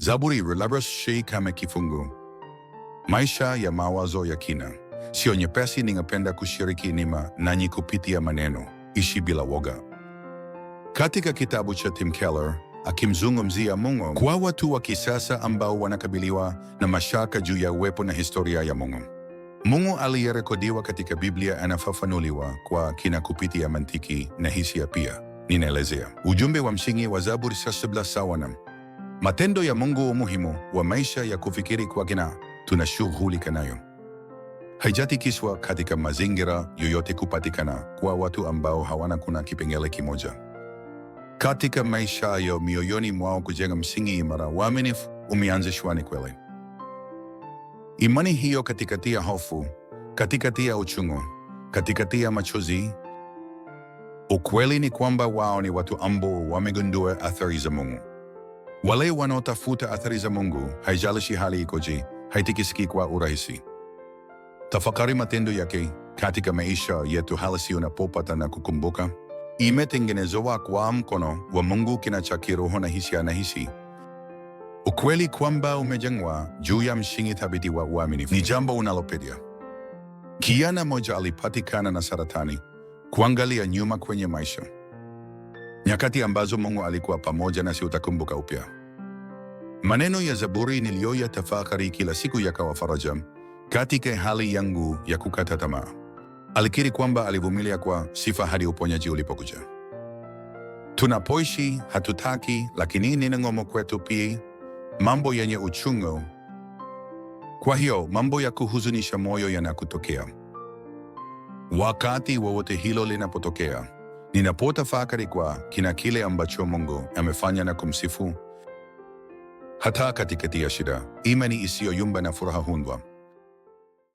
Zaburi Reliable Sheikh kama kifungu. Maisha ya mawazo ya kina sio nyepesi. Ningependa kushiriki nima nanyi kupitia maneno ishi bila woga. Katika kitabu cha Tim Keller akimzungumzia Mungu kwa watu wa kisasa ambao wanakabiliwa na mashaka juu ya uwepo na historia ya Mungu. Mungu aliyerekodiwa katika Biblia anafafanuliwa kwa kina kupitia mantiki na hisia. Pia ninaelezea ujumbe wa msingi wa Zaburi sawa sawanam Matendo ya Mungu, umuhimu wa maisha ya kufikiri kwa kina tunashughulika nayo. Haijatikishwa katika mazingira yoyote kupatikana kwa watu ambao hawana kuna kipengele kimoja katika maisha ya mioyoni mwao kujenga msingi imara. Uaminifu umeanzishwa ni kweli. Imani hiyo katikati ya hofu, katikati ya uchungu, katikati ya machozi. Ukweli ni kwamba wao ni watu ambao wamegundua athari za Mungu. Wale wanaotafuta athari za Mungu, haijalishi hali ikoje, haitikisiki kwa urahisi. Tafakari matendo yake katika maisha yetu, halisi unapopata na kukumbuka imetengenezwa kwa mkono wa Mungu, kina cha kiroho na hisia na hisi ukweli kwamba umejengwa juu ya msingi thabiti wa uaminifu ni jambo unalopedia. Kijana moja alipatikana na saratani. Kuangalia nyuma kwenye maisha nyakati ambazo Mungu alikuwa pamoja nasi utakumbuka upya. Maneno ya Zaburi tafakari kila siku yakawa faraja katika hali yangu ya kukata tamaa. Alikiri kwamba alivumilia kwa sifa hadi uponyaji ulipokuja. Tunapoishi hatutaki, lakini ni ngumu kwetu pia mambo yenye uchungu. Kwa hiyo mambo ya kuhuzunisha moyo yanakutokea wakati wowote hilo linapotokea Ninapotafakari kwa kina kile ambacho Mungu amefanya na kumsifu hata katikati ya shida, imani isiyoyumba na furaha hundwa.